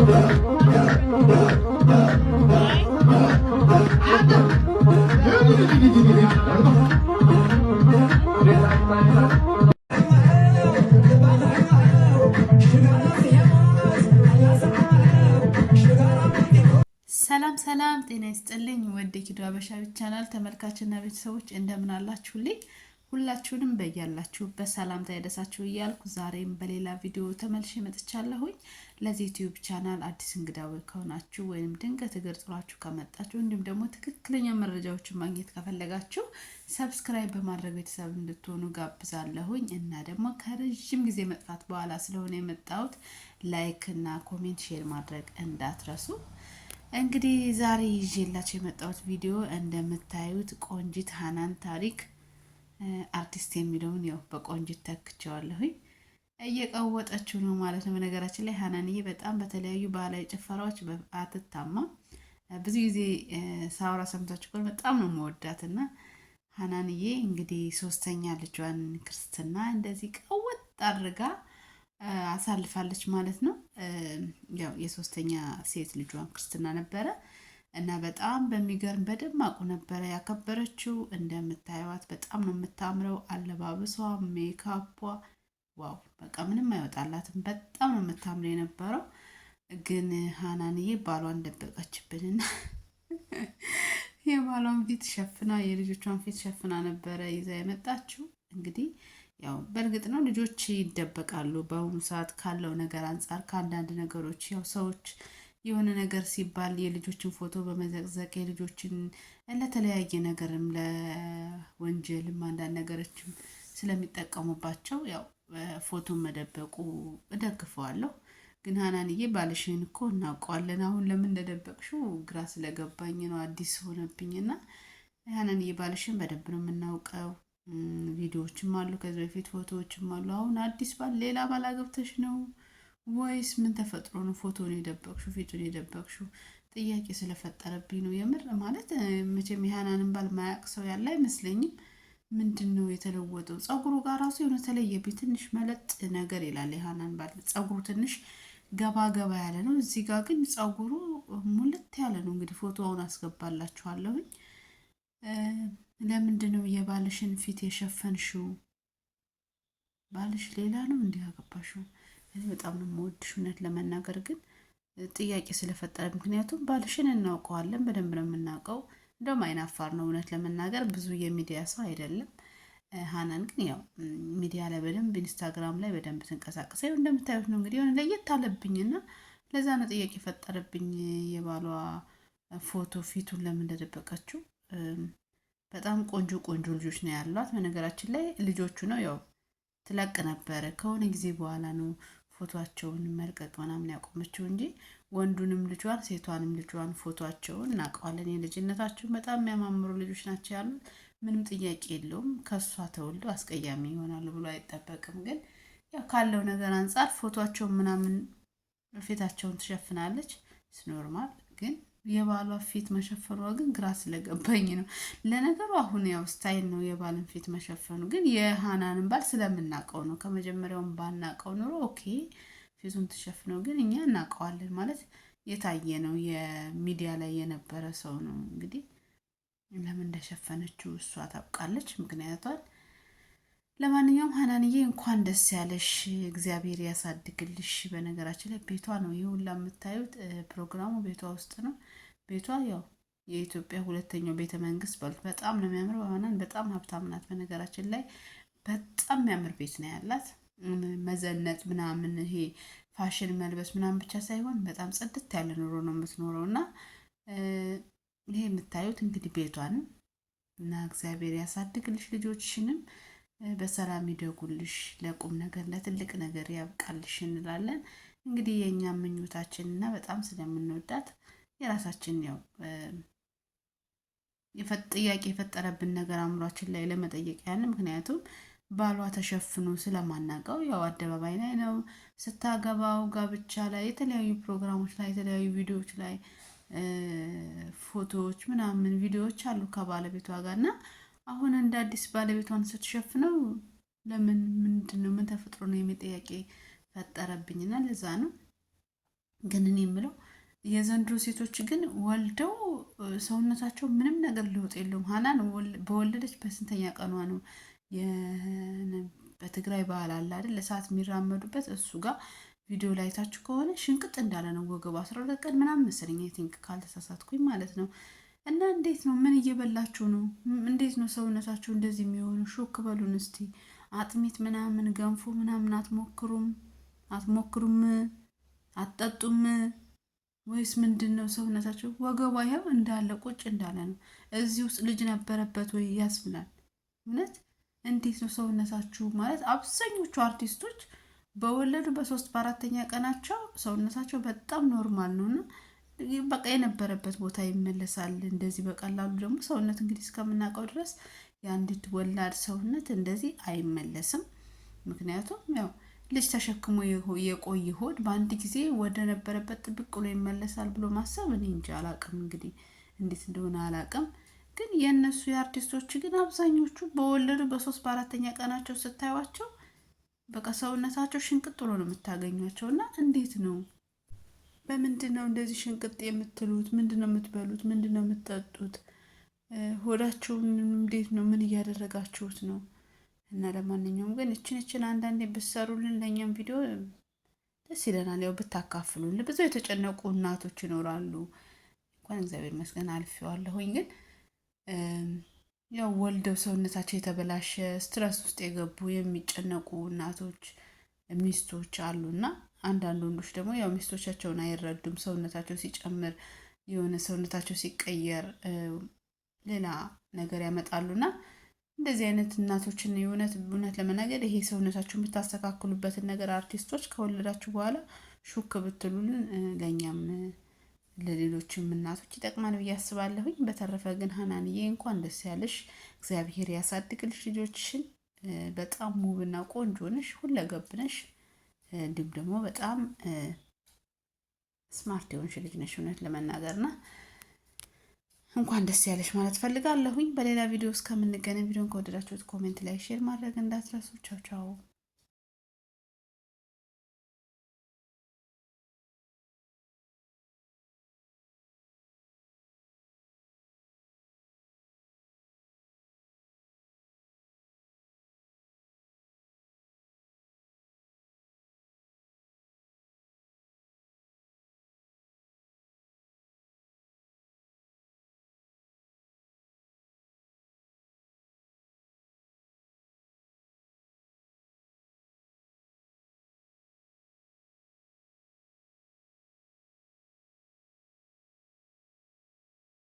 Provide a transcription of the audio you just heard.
ሰላም ሰላም፣ ጤና ይስጥልኝ። ወደ ኪዱ አበሻ ቻናል ተመልካችና ቤተሰቦች እንደምን አላችሁልኝ? ሁላችሁንም በያላችሁበት ሰላምታ ያደሳችሁ እያልኩ ዛሬም በሌላ ቪዲዮ ተመልሼ መጥቻለሁኝ። ለዚህ ዩቲዩብ ቻናል አዲስ እንግዳ ከሆናችሁ ወይም ድንገት እግር ጥሯችሁ ከመጣችሁ እንዲሁም ደግሞ ትክክለኛ መረጃዎችን ማግኘት ከፈለጋችሁ ሰብስክራይብ በማድረግ ቤተሰብ እንድትሆኑ ጋብዛለሁኝ እና ደግሞ ከረዥም ጊዜ መጥፋት በኋላ ስለሆነ የመጣሁት ላይክ እና ኮሜንት ሼር ማድረግ እንዳትረሱ። እንግዲህ ዛሬ ይዤላችሁ የመጣሁት ቪዲዮ እንደምታዩት ቆንጂት ሀናን ታሪክ አርቲስት የሚለውን ያው በቆንጅት ተክቸዋለሁኝ። እየቀወጠችው ነው ማለት ነው። በነገራችን ላይ ሀናንዬ በጣም በተለያዩ ባህላዊ ጭፈራዎች አትታማ። ብዙ ጊዜ ሳውራ ሰምታችሁ ቆን በጣም ነው መወዳት እና ሀናንዬ እንግዲህ ሶስተኛ ልጇን ክርስትና እንደዚህ ቀወጥ አድርጋ አሳልፋለች ማለት ነው። ያው የሶስተኛ ሴት ልጇን ክርስትና ነበረ። እና በጣም በሚገርም በደማቁ ነበረ ያከበረችው። እንደምታየዋት በጣም ነው የምታምረው። አለባበሷ፣ ሜካፖ ዋው በቃ ምንም አይወጣላትም። በጣም ነው የምታምር የነበረው። ግን ሀናንዬ ባሏን ደበቀችብንና የባሏን ፊት ሸፍና የልጆቿን ፊት ሸፍና ነበረ ይዛ የመጣችው። እንግዲህ ያው በእርግጥ ነው ልጆች ይደበቃሉ በአሁኑ ሰዓት ካለው ነገር አንጻር ከአንዳንድ ነገሮች ያው ሰዎች የሆነ ነገር ሲባል የልጆችን ፎቶ በመዘቅዘቅ የልጆችን ለተለያየ ነገርም ለወንጀልም አንዳንድ ነገሮችም ስለሚጠቀሙባቸው ያው ፎቶን መደበቁ እደግፈዋለሁ። ግን ሀናንዬ ባልሽን እኮ እናውቀዋለን። አሁን ለምን እንደደበቅሽው ግራ ስለገባኝ ነው፣ አዲስ ሆነብኝና ሀናንዬ ባልሽን በደንብ ነው የምናውቀው። ቪዲዮዎችም አሉ ከዚህ በፊት ፎቶዎችም አሉ። አሁን አዲስ ባል ሌላ ባል ነው ወይስ ምን ተፈጥሮ ነው ፎቶን የደበቅሹ ፊቱን የደበቅሹ? ጥያቄ ስለፈጠረብኝ ነው። የምር ማለት መቼም የሃናንን ባል ማያቅ ሰው ያለ አይመስለኝም። ምንድን ነው የተለወጠው? ፀጉሩ ጋር ራሱ የሆነ ተለየብኝ። ትንሽ መለጥ ነገር ይላል የሃናን ባል ፀጉሩ ትንሽ ገባ ገባ ያለ ነው። እዚህ ጋር ግን ፀጉሩ ሙልት ያለ ነው። እንግዲህ ፎቶውን አስገባላችኋለሁኝ። ለምንድን ነው የባልሽን ፊት የሸፈንሽው? ባልሽ ሌላ ነው እንዲያገባሽው እኔ በጣም ነው የምወድሽ እውነት ለመናገር ግን ጥያቄ ስለፈጠረ ምክንያቱም ባልሽን እናውቀዋለን፣ በደንብ ነው የምናውቀው። እንደውም አይናፋር ነው እውነት ለመናገር ብዙ የሚዲያ ሰው አይደለም። ሀናን ግን ያው ሚዲያ ላይ በደንብ ኢንስታግራም ላይ በደንብ ትንቀሳቀሰ እንደምታዩት ነው። እንግዲህ የሆነ ለየት አለብኝና ለዛ ነው ጥያቄ የፈጠረብኝ የባሏ ፎቶ ፊቱን ለምን እንደደበቀችው። በጣም ቆንጆ ቆንጆ ልጆች ነው ያሏት። በነገራችን ላይ ልጆቹ ነው ያው ትለቅ ነበረ ከሆነ ጊዜ በኋላ ነው ፎቶቸውን መልቀቅ ምናምን ያቆመችው እንጂ ወንዱንም ልጇን ሴቷንም ልጇን ፎቶቸውን እናውቀዋለን። የልጅነታቸው በጣም የሚያማምሩ ልጆች ናቸው ያሉት፣ ምንም ጥያቄ የለውም። ከእሷ ተወልዶ አስቀያሚ ይሆናሉ ብሎ አይጠበቅም። ግን ያው ካለው ነገር አንጻር ፎቶቸውን ምናምን ፊታቸውን ትሸፍናለች። ስኖርማል ግን የባሏ ፊት መሸፈኗ ግን ግራ ስለገባኝ ነው። ለነገሩ አሁን ያው ስታይል ነው የባልን ፊት መሸፈኑ፣ ግን የሃናንን ባል ስለምናቀው ነው። ከመጀመሪያውም ባናቀው ኑሮ ኦኬ ፊቱን ትሸፍነው፣ ግን እኛ እናውቀዋለን ማለት የታየ ነው። የሚዲያ ላይ የነበረ ሰው ነው። እንግዲህ ለምን እንደሸፈነችው እሷ ታውቃለች ምክንያቷን ለማንኛውም ሀናንዬ እንኳን ደስ ያለሽ፣ እግዚአብሔር ያሳድግልሽ። በነገራችን ላይ ቤቷ ነው ይህ ሁላ የምታዩት ፕሮግራሙ ቤቷ ውስጥ ነው። ቤቷ ያው የኢትዮጵያ ሁለተኛው ቤተ መንግስት በሉት። በጣም ነው የሚያምረው። ሀናን በጣም ሀብታም ናት። በነገራችን ላይ በጣም የሚያምር ቤት ነው ያላት። መዘነጥ ምናምን ይሄ ፋሽን መልበስ ምናምን ብቻ ሳይሆን በጣም ጽድት ያለ ኑሮ ነው የምትኖረው እና ይሄ የምታዩት እንግዲህ ቤቷንም እና እግዚአብሔር ያሳድግልሽ ልጆችሽንም በሰላም ይደጉልሽ፣ ለቁም ነገር ለትልቅ ነገር ያብቃልሽ እንላለን። እንግዲህ የእኛ ምኞታችን እና በጣም ስለምንወዳት የራሳችን ያው ጥያቄ የፈጠረብን ነገር አእምሯችን ላይ ለመጠየቅ ያለ ምክንያቱም ባሏ ተሸፍኖ ስለማናውቀው ያው አደባባይ ላይ ነው ስታገባው፣ ጋብቻ ላይ፣ የተለያዩ ፕሮግራሞች ላይ፣ የተለያዩ ቪዲዮዎች ላይ ፎቶዎች ምናምን ቪዲዮዎች አሉ ከባለቤቷ ጋር እና አሁን እንደ አዲስ ባለቤቷን ስትሸፍነው ለምን ምንድን ነው ምን ተፈጥሮ ነው የሚል ጥያቄ ፈጠረብኝና ለዛ ነው። ግን እኔ የምለው የዘንድሮ ሴቶች ግን ወልደው ሰውነታቸው ምንም ነገር ለውጥ የለውም። ሀናን በወለደች በስንተኛ ቀኗ ነው? በትግራይ ባህል አለ አይደል ለሰዓት የሚራመዱበት እሱ ጋር ቪዲዮ ላይ ታችሁ ከሆነ ሽንቅጥ እንዳለ ነው ወገቡ። አስራ ሁለት ቀን ምናምን መሰለኝ ቲንክ ካልተሳሳትኩኝ ማለት ነው። እና እንዴት ነው? ምን እየበላችሁ ነው? እንዴት ነው ሰውነታችሁ እንደዚህ የሚሆኑ? ሹክ በሉን እስቲ። አጥሚት ምናምን ገንፎ ምናምን አትሞክሩም? አትሞክሩም? አትጠጡም ወይስ ምንድን ነው ሰውነታቸው? ወገቧ ይኸው እንዳለ ቁጭ እንዳለ ነው። እዚህ ውስጥ ልጅ ነበረበት ወይ ያስብላል። እውነት እንዴት ነው ሰውነታችሁ? ማለት አብዛኞቹ አርቲስቶች በወለዱ በሶስት በአራተኛ ቀናቸው ሰውነታቸው በጣም ኖርማል ነው እና በቃ የነበረበት ቦታ ይመለሳል። እንደዚህ በቀላሉ ደግሞ ሰውነት እንግዲህ እስከምናውቀው ድረስ የአንዲት ወላድ ሰውነት እንደዚህ አይመለስም። ምክንያቱም ያው ልጅ ተሸክሞ የቆየ ሆድ በአንድ ጊዜ ወደ ነበረበት ጥብቅ ብሎ ይመለሳል ብሎ ማሰብ እኔ እንጂ አላቅም፣ እንግዲህ እንዴት እንደሆነ አላቅም። ግን የእነሱ የአርቲስቶች ግን አብዛኞቹ በወለዱ በሶስት በአራተኛ ቀናቸው ስታዩቸው በቃ ሰውነታቸው ሽንቅጥ ብሎ ነው የምታገኟቸው እና እንዴት ነው በምንድን ነው እንደዚህ ሽንቅጥ የምትሉት? ምንድን ነው የምትበሉት? ምንድን ነው የምትጠጡት? ሆዳችሁ እንዴት ነው? ምን እያደረጋችሁት ነው? እና ለማንኛውም ግን እችን እችን አንዳንዴ ብትሰሩልን ለእኛም ቪዲዮ ደስ ይለናል። ያው ብታካፍሉን። ብዙ የተጨነቁ እናቶች ይኖራሉ። እንኳን እግዚአብሔር ይመስገን አልፌዋለሁኝ። ግን ያው ወልደው ሰውነታቸው የተበላሸ ስትረስ ውስጥ የገቡ የሚጨነቁ እናቶች ሚስቶች አሉና አንዳንድ ወንዶች ደግሞ ያው ሚስቶቻቸውን አይረዱም። ሰውነታቸው ሲጨምር የሆነ ሰውነታቸው ሲቀየር ሌላ ነገር ያመጣሉና እንደዚህ አይነት እናቶችን የእውነት እውነት ለመናገር ይሄ ሰውነታችሁን ብታስተካክሉበትን ነገር አርቲስቶች ከወለዳችሁ በኋላ ሹክ ብትሉልን ለእኛም ለሌሎችም እናቶች ይጠቅማል ብዬ አስባለሁኝ። በተረፈ ግን ሀናንዬ እንኳን ደስ ያለሽ፣ እግዚአብሔር ያሳድግልሽ ልጆችሽን። በጣም ውብና ቆንጆ ነሽ፣ ሁለገብ ነሽ። እንዲሁም ደግሞ በጣም ስማርት የሆንሽ ልጅ ነሽ እውነት ና እንኳን ደስ ያለሽ ማለት ፈልጋለሁኝ። በሌላ ቪዲዮ እስከምንገናኝ ቪዲዮን ከወደዳችሁት ኮሜንት ላይ ሼር ማድረግ እንዳትረሱ። ቻው ቻው።